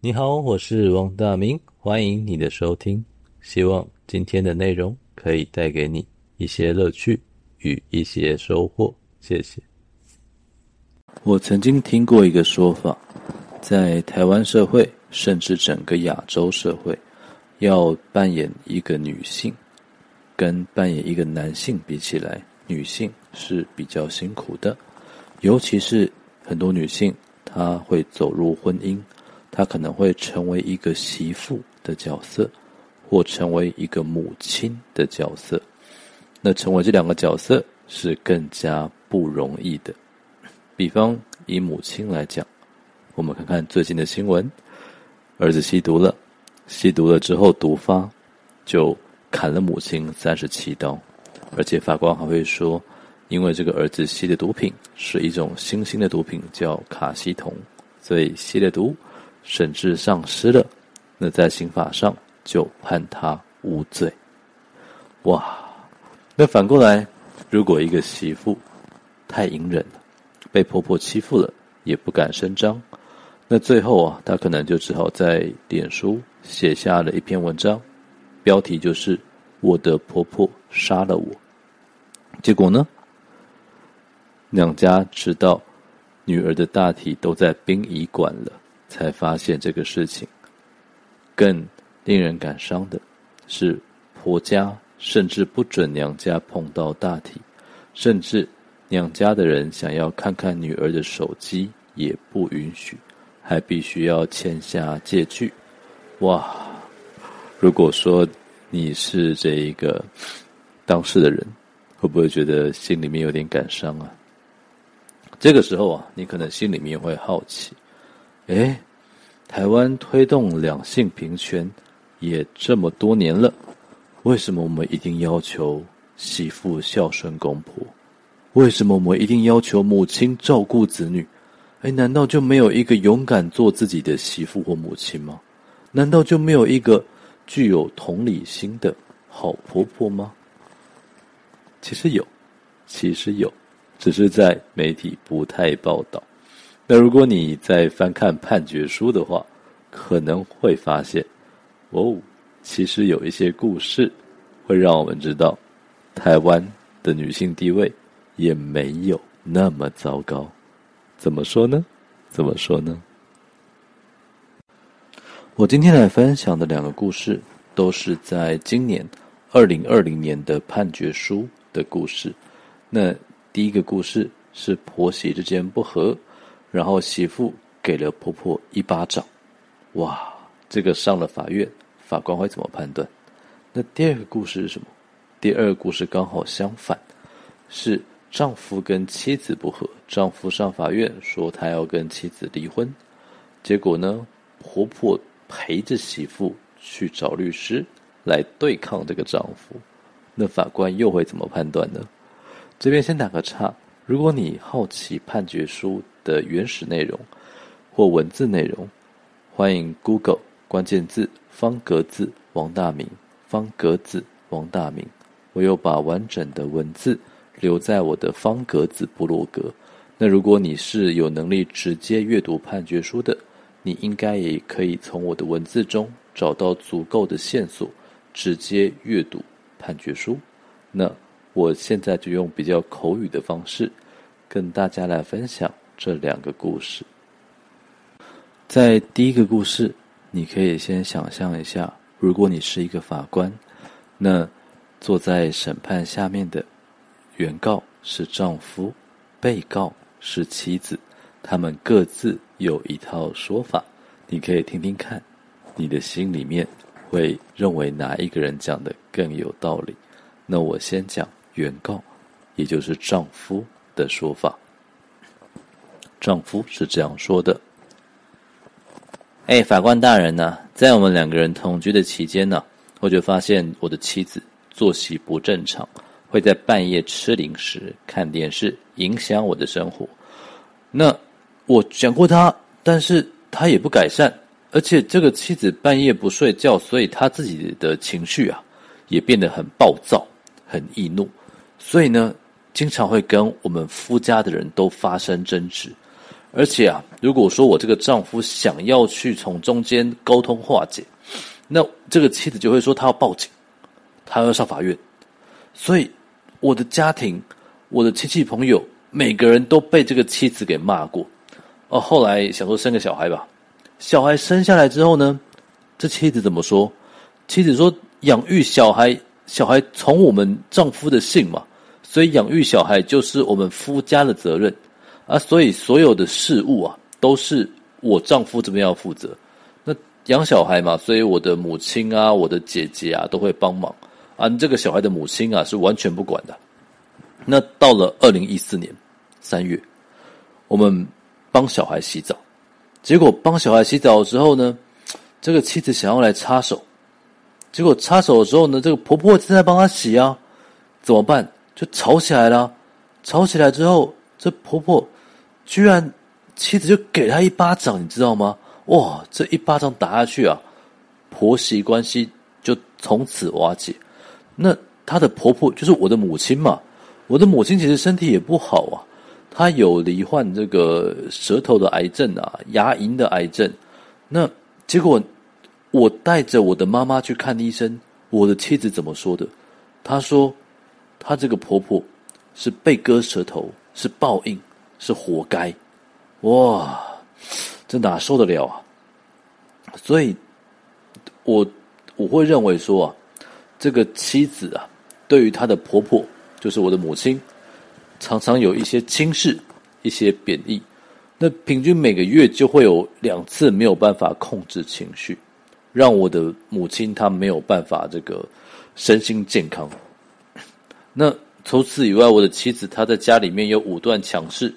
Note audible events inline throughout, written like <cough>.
你好，我是王大明，歡迎你的收聽。希望今天的內容可以帶給你一些樂趣與一些收穫。謝謝。我曾經聽過一個說法，在台灣社會，甚至整個亞洲社會，要扮演一個女性。跟扮演一個男性比起來，女性是比較辛苦的，尤其是很多女性，她會走入婚姻，她可能會成為一個媳婦的角色，或成為一個母親的角色。那成為這兩個角色是更加不容易的。比方以母親來講，我們看看最近的新聞，兒子吸毒了，吸毒了之後毒發，就砍了母親三十七刀，而且法官還會說，因為這個兒子吸的毒品是一種新興的毒品，叫卡西酮，所以吸了毒，神志喪失了，那在刑法上就判他無罪。哇，那反過來，如果一個媳婦太隱忍了，被婆婆欺負了也不敢聲張，那最後啊，他可能就只好在臉書寫下了一篇文章。標題就是“我的婆婆殺了我”，結果呢？娘家直到女兒的大體都在殯儀館了，才發現這個事情。更令人感傷的是，婆家甚至不准娘家碰到大體，甚至娘家的人想要看看女兒的手機也不允許，還必須要簽下借據。哇！如果說你是這一個當事的人，會不會覺得心裡面有點感傷啊？這個時候啊，你可能心裡面也會好奇，哎，台灣推動兩性平權也這麼多年了，為什麼我們一定要求媳婦孝順公婆？為什麼我們一定要求母親照顧子女？哎，難道就沒有一個勇敢做自己的媳婦或母親嗎？難道就沒有一個？具有同理心的好婆婆嗎？其實有，其實有，只是在媒體不太報道。那如果你在翻看判決書的話，可能會發現哦，其實有一些故事會讓我們知道，台灣的女性地位也沒有那麼糟糕。怎麼說呢？怎麼說呢？我今天來分享的兩個故事，都是在今年二零二零年的判決書的故事。那第一個故事是婆媳之間不和，然後媳婦給了婆婆一巴掌。哇，這個上了法院，法官會怎麼判斷？那第二個故事是什麼？第二個故事剛好相反，是丈夫跟妻子不和，丈夫上法院說他要跟妻子離婚，結果呢，婆婆。陪着媳婦去找律師來對抗這個丈夫，那法官又會怎麼判斷呢？這邊先打個岔。如果你好奇判決書的原始內容或文字內容，歡迎 Google 關鍵字“方格子王大明”。方格子王大明，我又把完整的文字留在我的方格子部落格。那如果你是有能力直接閱讀判決書的。你應該也可以從我的文字中找到足夠的線索，直接閱讀判決書。那我現在就用比較口語的方式，跟大家來分享這兩個故事。在第一個故事，你可以先想象一下，如果你是一個法官，那坐在審判下面的原告是丈夫，被告是妻子。他們各自有一套說法，你可以聽聽看，你的心裡面會認為哪一個人講得更有道理？那我先講原告，也就是丈夫的說法。丈夫是這樣說的：“哎，法官大人呢，在我們兩個人同居的期間呢，我就發現我的妻子作息不正常，會在半夜吃零食、看電視，影響我的生活。”那我講過他，但是他也不改善，而且這個妻子半夜不睡覺，所以他自己的情緒啊，也變得很暴躁、很易怒，所以呢，經常會跟我們夫家的人都發生爭執，而且啊，如果說我這個丈夫想要去從中間溝通化解，那這個妻子就會說他要報警，他要上法院，所以我的家庭、我的親戚朋友，每個人都被這個妻子給罵過。哦，後來想說生個小孩吧，小孩生下來之後呢，這妻子怎麼說？妻子說養育小孩，小孩從我們丈夫的姓嘛，所以養育小孩就是我們夫家的責任啊。所以所有的事務啊，都是我丈夫這邊要負責。那養小孩嘛，所以我的母親啊，我的姐姐啊都會幫忙啊。這個小孩的母親啊，是完全不管的。那到了二零一四年三月，我們。幫小孩洗澡，結果幫小孩洗澡的時候呢，這個妻子想要來插手，結果插手的時候呢，這個婆婆正在幫她洗啊，怎麼辦？就吵起來了。吵起來之後，這婆婆居然妻子就給她一巴掌，你知道嗎？哇，這一巴掌打下去啊，婆媳關係就從此瓦解。那她的婆婆就是我的母親嘛，我的母親其實身體也不好啊。他有罹患這個舌頭的癌症啊，牙齦的癌症。那結果，我帶着我的媽媽去看醫生，我的妻子怎麼說的？她說，她這個婆婆是被割舌頭，是報應，是活該。哇，這哪受得了啊？所以，我我會認為說啊，這個妻子啊，對於她的婆婆，就是我的母親。常常有一些輕視，一些貶義，那平均每個月就會有兩次沒有辦法控制情緒，讓我的母親她沒有辦法這個身心健康。那除此以外，我的妻子她在家裡面有武斷強勢，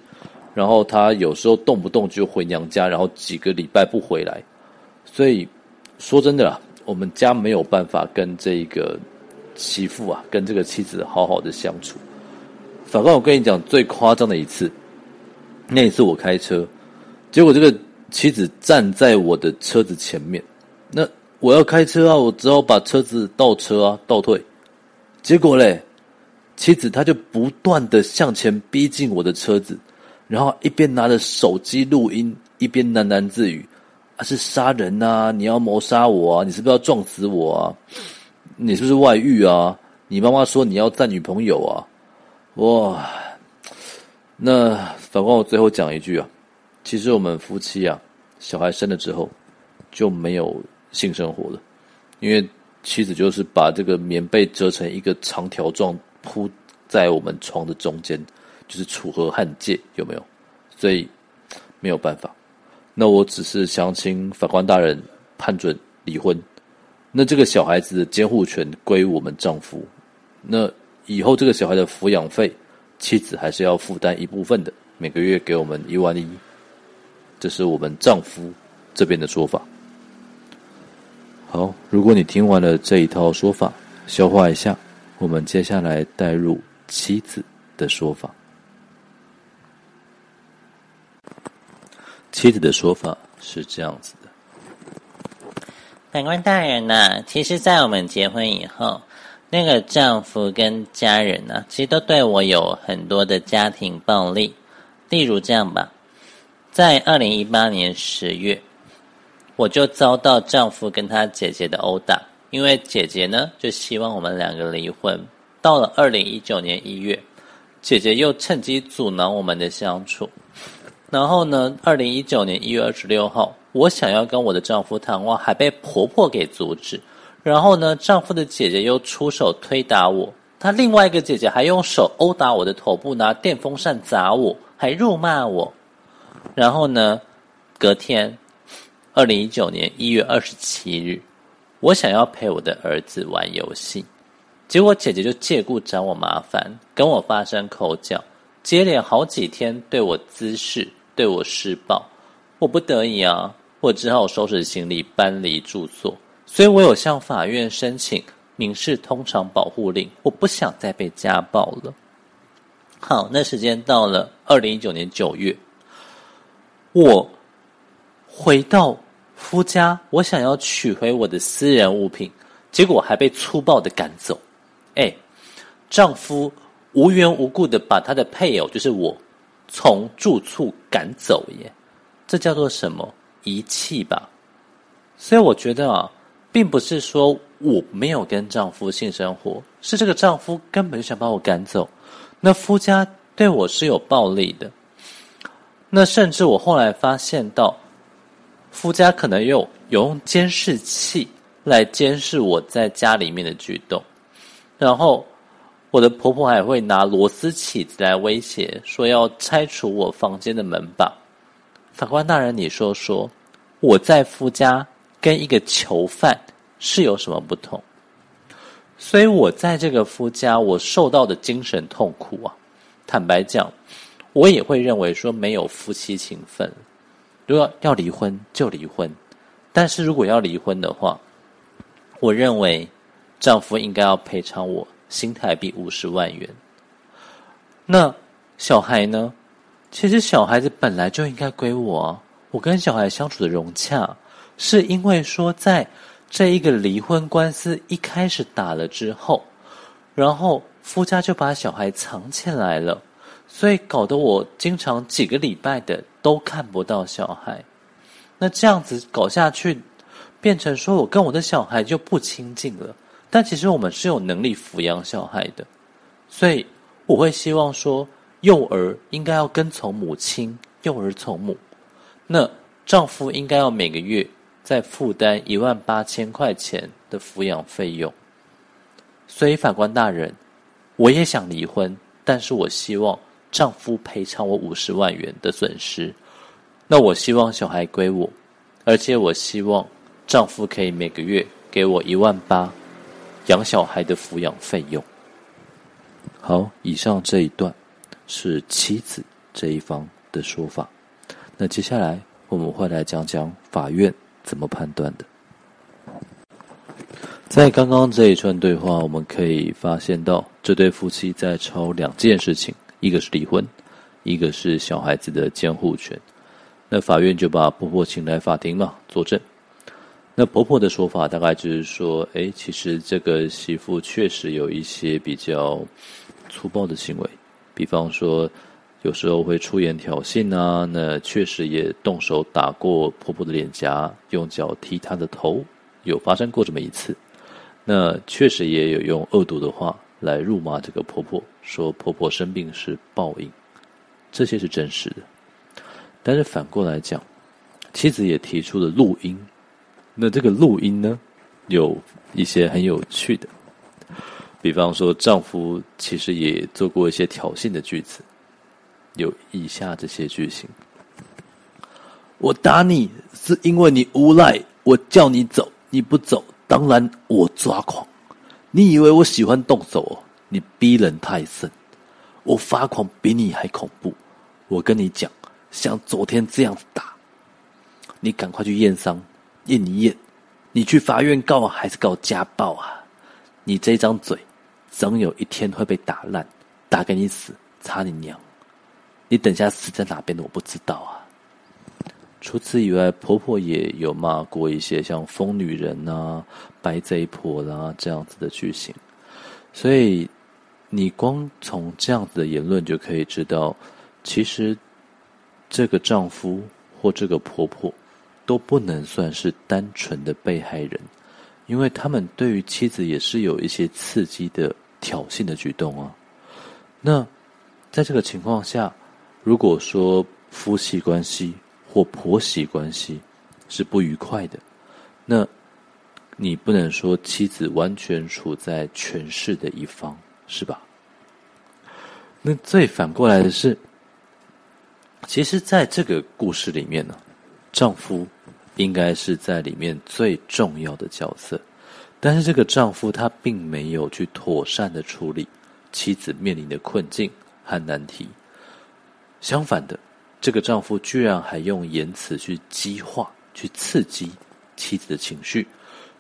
然後她有時候動不動就回娘家，然後幾個禮拜不回來。所以說真的啦，我們家沒有辦法跟這個媳婦啊，跟這個妻子好好的相處。法官，反正我跟你講最誇張的一次，那一次我開車，結果這個妻子站在我的車子前面，那我要開車啊，我只好把車子倒車啊，倒退，結果嘞，妻子她就不斷的向前逼近我的車子，然後一邊拿着手機錄音，一邊喃喃自語：“啊，是殺人吶、啊，你要謀殺我啊，你是不是要撞死我啊？你是不是外遇啊？你媽媽說你要佔女朋友啊？”哇，那法官，我最後講一句啊，其實我們夫妻啊，小孩生了之後就沒有性生活了，因為妻子就是把這個棉被折成一個長條狀鋪在我們床的中間，就是楚河漢界，有沒有？所以沒有辦法。那我只是想請法官大人判准離婚，那這個小孩子的監護權歸我們丈夫，那。以後這個小孩的撫養費，妻子還是要負擔一部分的，每個月給我們一萬一，這是我們丈夫這邊的說法。好，如果你聽完了這一套說法，消化一下，我們接下來帶入妻子的說法。妻子的說法是這樣子的：法官大人吶、啊，其實，在我們結婚以後。那個丈夫跟家人呢、啊，其實都對我有很多的家庭暴力。例如這樣吧，在二零一八年十月，我就遭到丈夫跟他姐姐的毆打，因為姐姐呢，就希望我們兩個離婚。到了二零一九年一月，姐姐又趁機阻撓我們的相處。然後呢，二零一九年一月二十六號，我想要跟我的丈夫談話，還被婆婆給阻止。然後呢，丈夫的姐姐又出手推打我，她另外一個姐姐還用手毆打我的頭部，拿電風扇砸我，還辱罵我。然後呢，隔天，二零一九年一月二十七日，我想要陪我的兒子玩遊戲，結果姐姐就借故找我麻煩，跟我發生口角，接連好幾天對我滋事，對我施暴，我不得已啊，之後我只好收拾行李搬離住所。所以我有向法院申請民事通常保護令，我不想再被家暴了。好，那時間到了，二零一九年九月，我回到夫家，我想要取回我的私人物品，結果還被粗暴的趕走。誒，丈夫無緣無故的把他的配偶，就是我，從住處趕走耶，這叫做什麼遺棄吧？所以我覺得啊。並不是說我沒有跟丈夫性生活，是這個丈夫根本想把我趕走。那夫家對我是有暴力的，那甚至我後來發現到，夫家可能又有，有用監視器來監視我在家裡面的舉動，然後我的婆婆還會拿螺絲起子來威脅，說要拆除我房間的門把。法官大人，你說說，我在夫家，跟一個囚犯是有什麼不同？所以我在這個夫家，我受到的精神痛苦啊，坦白講，我也會認為說沒有夫妻情分。如果要離婚就離婚，但是如果要離婚的話，我認為丈夫應該要賠償我新台幣五十萬元。那小孩呢？其實小孩子本來就應該歸我啊，我跟小孩相處的融洽。是因為說，在這一個離婚官司一開始打了之後，然後夫家就把小孩藏起來了，所以搞得我經常幾個禮拜的都看不到小孩。那這樣子搞下去，變成說我跟我的小孩就不親近了，但其實我們是有能力撫養小孩的，所以我會希望說，幼兒應該要跟從母親，幼兒從母，那丈夫應該要每個月。再負擔一萬八千塊錢的撫養費用，所以法官大人，我也想離婚，但是我希望丈夫賠償我五十萬元的損失。那我希望小孩歸我，而且我希望丈夫可以每個月給我一萬八，養小孩的撫養費用。好，以上這一段是妻子這一方的說法。那接下來我們會來講講法院，怎麼判斷的？在剛剛這一串對話，我們可以發現到，這對夫妻在吵兩件事情，一個是離婚，一個是小孩子的監護權。那法院就把婆婆請來法庭嘛作證。那婆婆的說法大概就是說，誒，其實這個媳婦確實有一些比較粗暴的行為，比方說，有時候會出言挑釁啊，那確實也動手打過婆婆的臉頰，用腳踢她的頭，有發生過這麼一次。那確實也有用惡毒的話來辱罵這個婆婆，說婆婆生病是報應，這些是真實的。但是反過來講，妻子也提出了錄音，那這個錄音呢，有一些很有趣的，比方說，丈夫其實也做過一些挑釁的句子。有以下這些句型：我打你是因為你無賴，我叫你走你不走，當然我抓狂。你以為我喜歡動手哦？你逼人太甚，我發狂比你還恐怖。我跟你講，像昨天這樣子打，你趕快去驗傷，驗一驗，你去法院告還是告家暴啊？你這張嘴，總有一天會被打爛，打給你死，擦你娘！你等一下死在哪邊的我不知道啊。除此以外，婆婆也有罵過一些像瘋女人吶、啊、白賊婆啦、啊、這樣子的劇情。所以，你光從這樣子的言論就可以知道，其實這個丈夫或這個婆婆都不能算是單純的被害人，因為他們對於妻子也是有一些刺激的、挑釁的舉動啊。那在這個情況下，如果說夫妻關係或婆媳關係是不愉快的，那你不能說妻子完全處在權勢的一方，是吧？那最反過來的是，其實，在這個故事裡面呢、啊，丈夫應該是在裡面最重要的角色，但是這個丈夫他並沒有去妥善的處理妻子面臨的困境和難題。相反的，這個丈夫居然還用言辭去激化，去刺激妻子的情緒，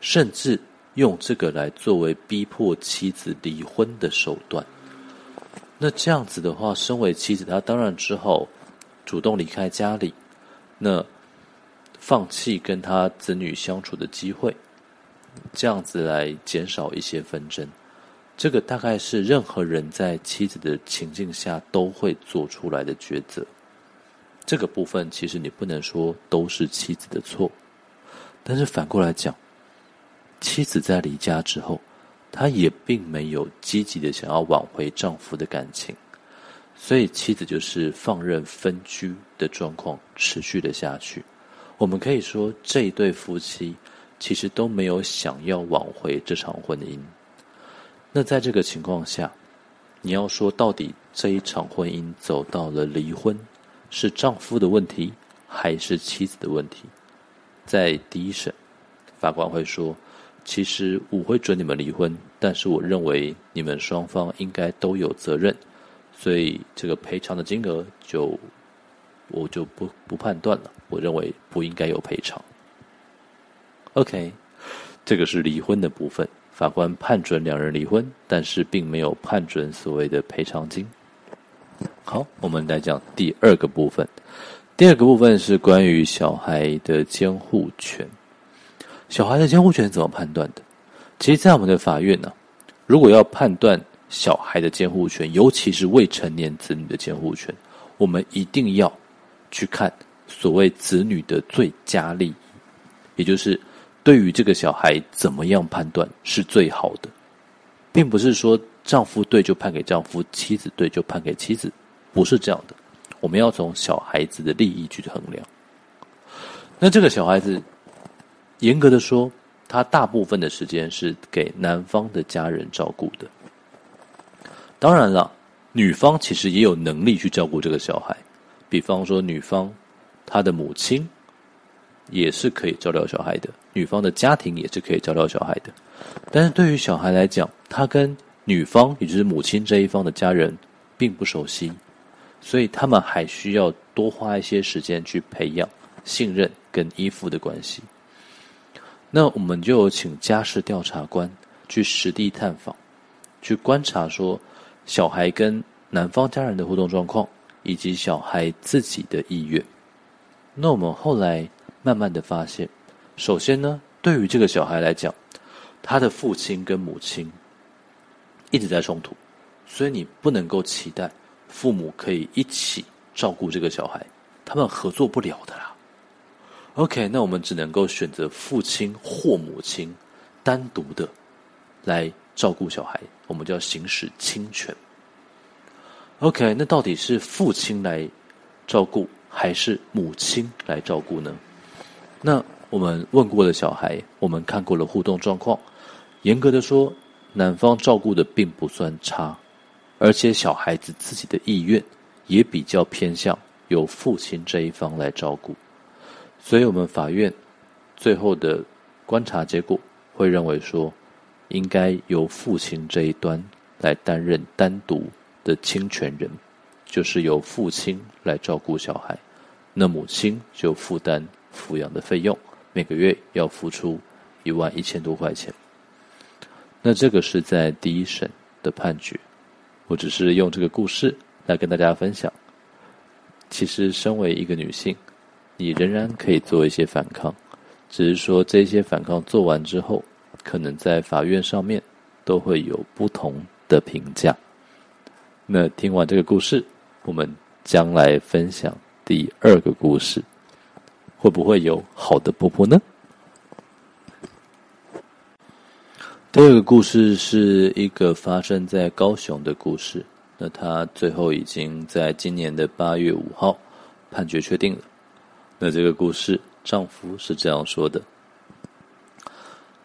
甚至用這個來作為逼迫妻子離婚的手段。那這樣子的話，身為妻子，她當然之後主動離開家裡，那放棄跟他子女相處的機會，這樣子來減少一些紛爭。這個大概是任何人在妻子的情境下都會做出來的抉擇。這個部分其實你不能說都是妻子的錯，但是反過來講，妻子在離家之後，她也並沒有積極的想要挽回丈夫的感情，所以妻子就是放任分居的狀況持續的下去。我們可以說，這一對夫妻其實都沒有想要挽回這場婚姻。那在這個情況下，你要說到底這一場婚姻走到了離婚，是丈夫的問題還是妻子的問題？在第一審，法官會說：“其實我會准你們離婚，但是我認為你們雙方應該都有責任，所以這個賠償的金額就我就不不判斷了。我認為不應該有賠償。”OK，這個是離婚的部分。法官判准兩人離婚，但是並沒有判准所謂的賠償金。好，我們來講第二個部分。第二個部分是關於小孩的監護權。小孩的監護權是怎麼判斷的？其實，在我們的法院呢、啊，如果要判斷小孩的監護權，尤其是未成年子女的監護權，我們一定要去看所謂子女的最佳利益，也就是。對於這個小孩怎麼樣判斷是最好的，並不是說丈夫對就判給丈夫，妻子對就判給妻子，不是這樣的。我們要從小孩子的利益去衡量。那這個小孩子，嚴格的說，他大部分的時間是給男方的家人照顧的。當然了，女方其實也有能力去照顧這個小孩，比方說女方她的母親。也是可以照料小孩的，女方的家庭也是可以照料小孩的，但是對於小孩來講，他跟女方，也就是母親這一方的家人並不熟悉，所以他們還需要多花一些時間去培養信任跟依附的關係。那我們就有請家事調查官去實地探訪，去觀察說小孩跟男方家人的互動狀況，以及小孩自己的意願。那我們後來。慢慢的發現，首先呢，對於這個小孩來講，他的父親跟母親一直在衝突，所以你不能夠期待父母可以一起照顧這個小孩，他們合作不了的啦。OK，那我們只能夠選擇父親或母親單獨的來照顧小孩，我們就要行使親權。OK，那到底是父親來照顧還是母親來照顧呢？那我們問過了小孩，我們看過了互動狀況。嚴格的說，男方照顧的並不算差，而且小孩子自己的意願也比較偏向由父親這一方來照顧。所以我們法院最後的觀察結果會認為說，應該由父親這一端來擔任單獨的親權人，就是由父親來照顧小孩，那母親就負擔。撫養的費用每個月要付出一萬一千多塊錢。那這個是在第一審的判決。我只是用這個故事來跟大家分享。其實，身為一個女性，你仍然可以做一些反抗。只是說，這些反抗做完之後，可能在法院上面都會有不同的評價。那聽完這個故事，我們將來分享第二個故事。會不會有好的婆婆呢？第二個故事是一個發生在高雄的故事。那她最後已經在今年的八月五號判決確定了。那這個故事，丈夫是這樣說的：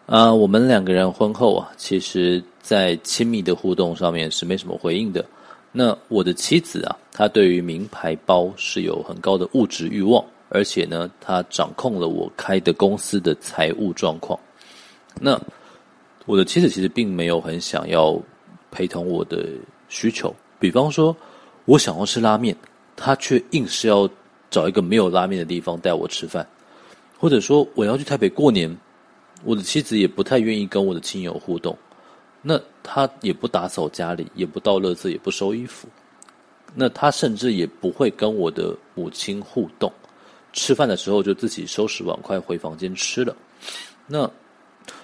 啊，我們兩個人婚後啊，其實在親密的互動上面是沒什麼回應的。那我的妻子啊，她對於名牌包是有很高的物質欲望。而且呢，他掌控了我開的公司的財務狀況。那我的妻子其實並沒有很想要陪同我的需求，比方說我想要吃拉麵，他卻硬是要找一個沒有拉麵的地方帶我吃飯。或者說我要去台北過年，我的妻子也不太願意跟我的親友互動。那他也不打掃家裡，也不倒垃圾，也不收衣服。那他甚至也不會跟我的母親互動。吃飯的時候就自己收拾碗筷回房間吃了。那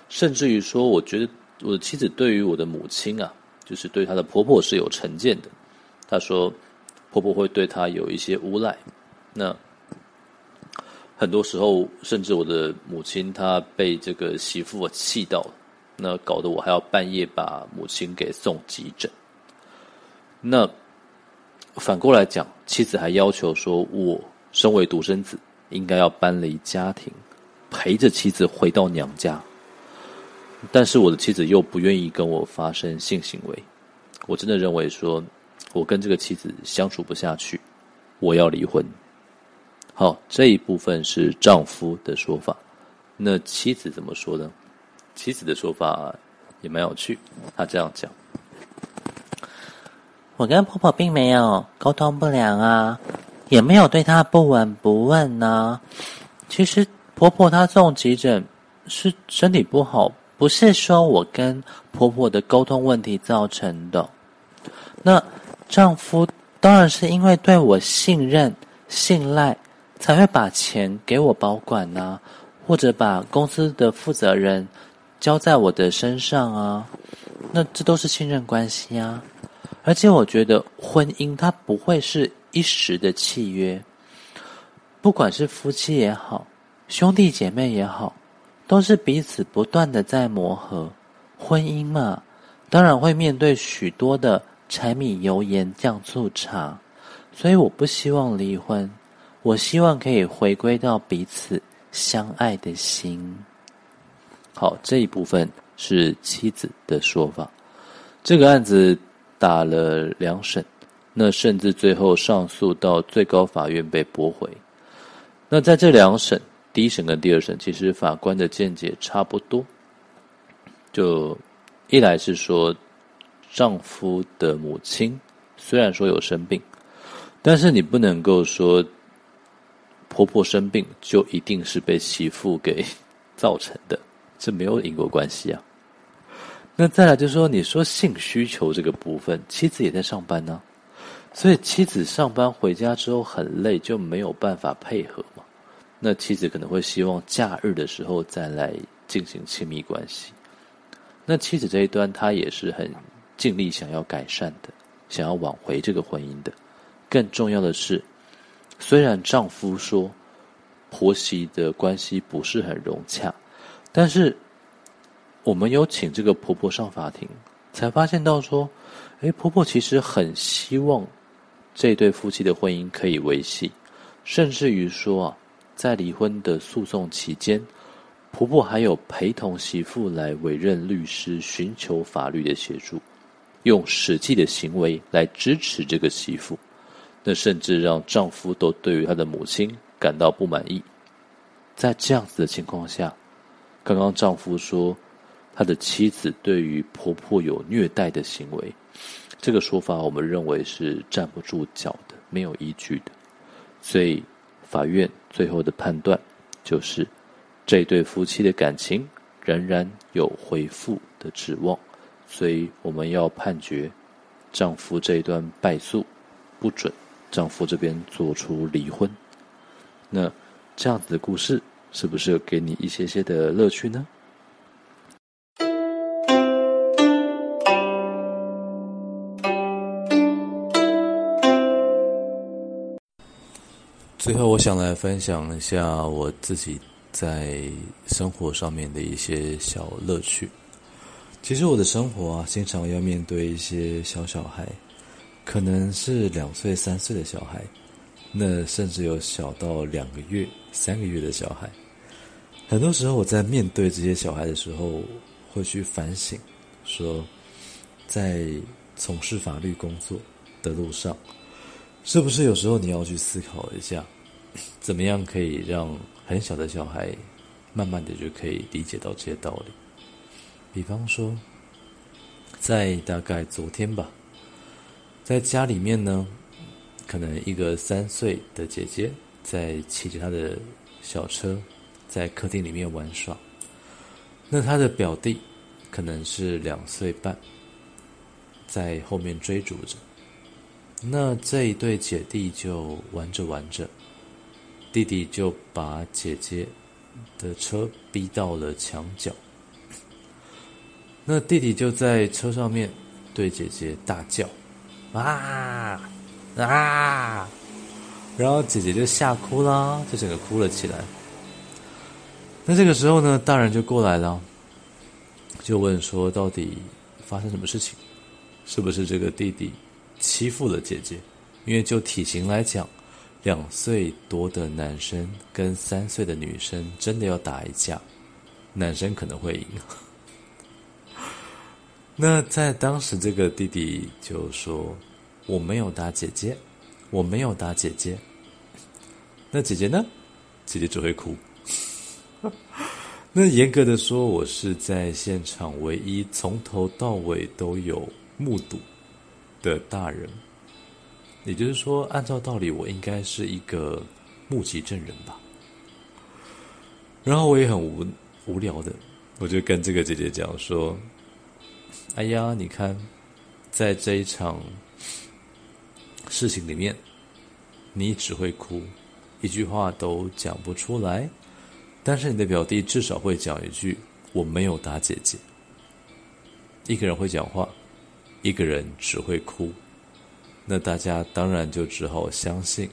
甚至於說，我覺得我的妻子對於我的母親啊，就是對她的婆婆是有成見的。她說婆婆會對她有一些誣賴。那很多時候，甚至我的母親她被這個媳婦氣到了，那搞得我還要半夜把母親給送急診。那反過來講，妻子還要求說我。身為獨生子，應該要搬離家庭，陪着妻子回到娘家。但是我的妻子又不願意跟我發生性行為，我真的認為說，我跟這個妻子相處不下去，我要離婚。好，這一部分是丈夫的說法。那妻子怎麼說呢？妻子的說法也蠻有趣，她這樣講：“我跟婆婆並沒有溝通不良啊。”也沒有對她不聞不問呢、啊。其實婆婆她送急診是身體不好，不是說我跟婆婆的溝通問題造成的。那丈夫當然是因為對我信任、信賴，才會把錢給我保管呢、啊，或者把公司的負責人交在我的身上啊。那這都是信任關係啊。而且我覺得婚姻它不會是。一時的契約，不管是夫妻也好，兄弟姐妹也好，都是彼此不斷的在磨合。婚姻嘛，當然會面對許多的柴米油鹽醬醋茶。所以我不希望離婚，我希望可以回歸到彼此相愛的心。好，這一部分是妻子的說法。這個案子打了兩審。那甚至最後上訴到最高法院被駁回。那在這兩審，第一審跟第二審，其實法官的見解差不多。就一來是說，丈夫的母親雖然說有生病，但是你不能夠說婆婆生病就一定是被媳婦給造成的，這沒有因果關係啊。那再來就是說，你說性需求這個部分，妻子也在上班呢啊。所以妻子上班回家之後很累，就沒有辦法配合嘛。那妻子可能會希望假日的時候再來進行親密關係。那妻子這一端她也是很盡力想要改善的，想要挽回這個婚姻的。更重要的是，雖然丈夫說婆媳的關係不是很融洽，但是我們有請這個婆婆上法庭，才發現到說，誒、哎，婆婆其實很希望。這對夫妻的婚姻可以維繫，甚至於說啊，在離婚的訴訟期間，婆婆還有陪同媳婦來委任律師，尋求法律的協助，用實際的行為來支持這個媳婦，那甚至讓丈夫都對於他的母親感到不滿意。在這樣子的情況下，剛剛丈夫說他的妻子對於婆婆有虐待的行為。這個說法，我們認為是站不住腳的，沒有依據的。所以，法院最後的判斷就是，這對夫妻的感情仍然有恢復的指望。所以，我們要判決丈夫這一段敗訴，不准丈夫這邊做出離婚。那這樣子的故事，是不是給你一些些的樂趣呢？最後，我想來分享一下我自己在生活上面的一些小樂趣。其實，我的生活啊，經常要面對一些小小孩，可能是兩歲、三歲的小孩，那甚至有小到兩個月、三個月的小孩。很多時候，我在面對這些小孩的時候，會去反省，說，在從事法律工作的路上，是不是有時候你要去思考一下？怎麼樣可以讓很小的小孩慢慢的就可以理解到這些道理？比方說，在大概昨天吧，在家裡面呢，可能一個三歲的姐姐在騎着他的小車，在客廳裡面玩耍，那他的表弟可能是兩歲半，在後面追逐着，那這一對姐弟就玩着玩着。弟弟就把姐姐的車逼到了牆角，那弟弟就在車上面對姐姐大叫：“啊啊啊！”然後姐姐就嚇哭了，就整個哭了起來。那這個時候呢，大人就過來了，就問說：“到底發生什麼事情？是不是這個弟弟欺負了姐姐？因為就體型來講。”兩歲多的男生跟三歲的女生真的要打一架，男生可能會贏。那在當時，這個弟弟就說：“我沒有打姐姐，我沒有打姐姐。”那姐姐呢？姐姐只會哭。那嚴格的說，我是在現場唯一從頭到尾都有目睹的大人。也就是說，按照道理，我應該是一個目擊證人吧。然後我也很無無聊的，我就跟這個姐姐講說：“哎呀，你看，在這一場事情裡面，你只會哭，一句話都講不出來。但是你的表弟至少會講一句：‘我沒有打姐姐。’一個人會講話，一個人只會哭。”那大家當然就只好相信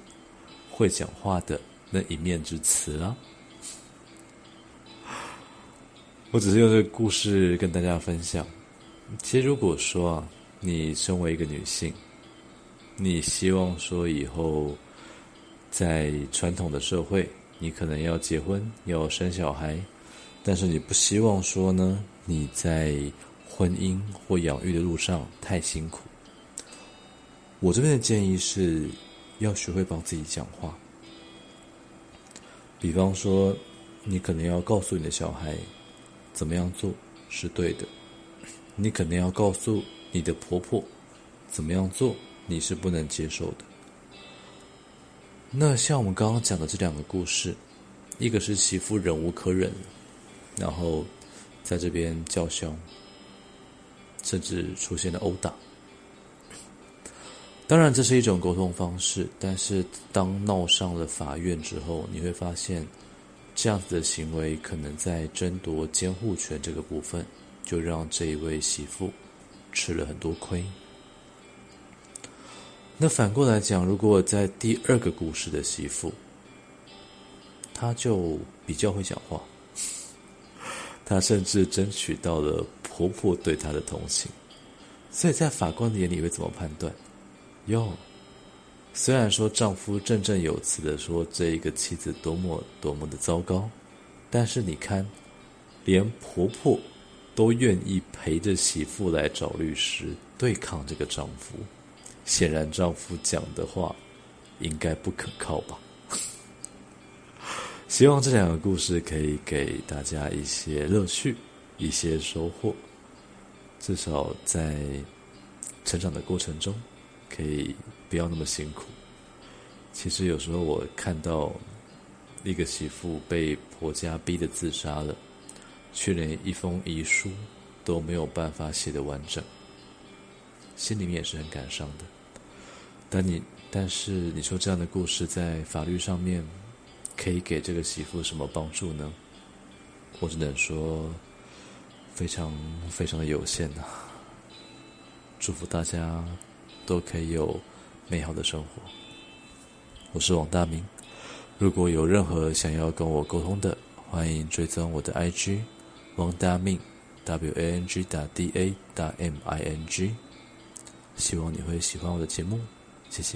會講話的那一面之詞了啊。我只是用這個故事跟大家分享。其實如果說啊，你身為一個女性，你希望說以後在傳統的社會，你可能要結婚、要生小孩，但是你不希望說呢，你在婚姻或養育的路上太辛苦。我這邊的建議是，要學會幫自己講話。比方說，你可能要告訴你的小孩，怎麼樣做是對的；你可能要告訴你的婆婆，怎麼樣做你是不能接受的。那像我們剛剛講的這兩個故事，一個是媳婦忍無可忍，然後在這邊叫囂，甚至出現了毆打。當然，這是一種溝通方式，但是當鬧上了法院之後，你會發現，這樣子的行為可能在爭奪監護權這個部分，就讓這一位媳婦吃了很多虧。那反過來講，如果在第二個故事的媳婦，她就比較會講話，她甚至爭取到了婆婆對她的同情，所以在法官的眼裡會怎麼判斷？喲，Yo, 雖然說丈夫振振有詞的說，這一個妻子多麼多麼的糟糕，但是你看，連婆婆都願意陪着媳婦來找律師對抗這個丈夫，顯然丈夫講的話應該不可靠吧？ <laughs> 希望這兩個故事可以給大家一些樂趣，一些收穫，至少在成長的過程中。可以、hey, 不要那麼辛苦。其實有時候我看到一個媳婦被婆家逼得自殺了，卻連一封遺書都沒有辦法寫的完整，心裡面也是很感傷的。但你，但是你說這樣的故事在法律上面可以給這個媳婦什麼幫助呢？我只能說非常非常的有限吶、啊。祝福大家。都可以有美好的生活。我是王大明，如果有任何想要跟我溝通的，歡迎追蹤我的 IG，王大明 WANG.DA.MING。希望你會喜歡我的節目，謝謝。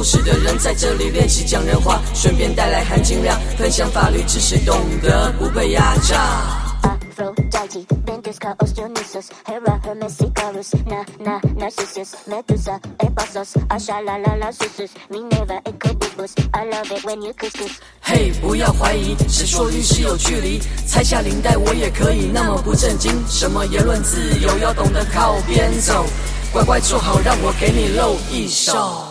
故事的人在這裡練習講人話，順便帶來含金量，分享法律知識，懂得不被壓榨。Hey，不要懷疑，誰說律師有距離？拆下領帶，我也可以那麼不正經。什麼言論自由，要懂得靠邊走，乖乖坐好，讓我給你露一手。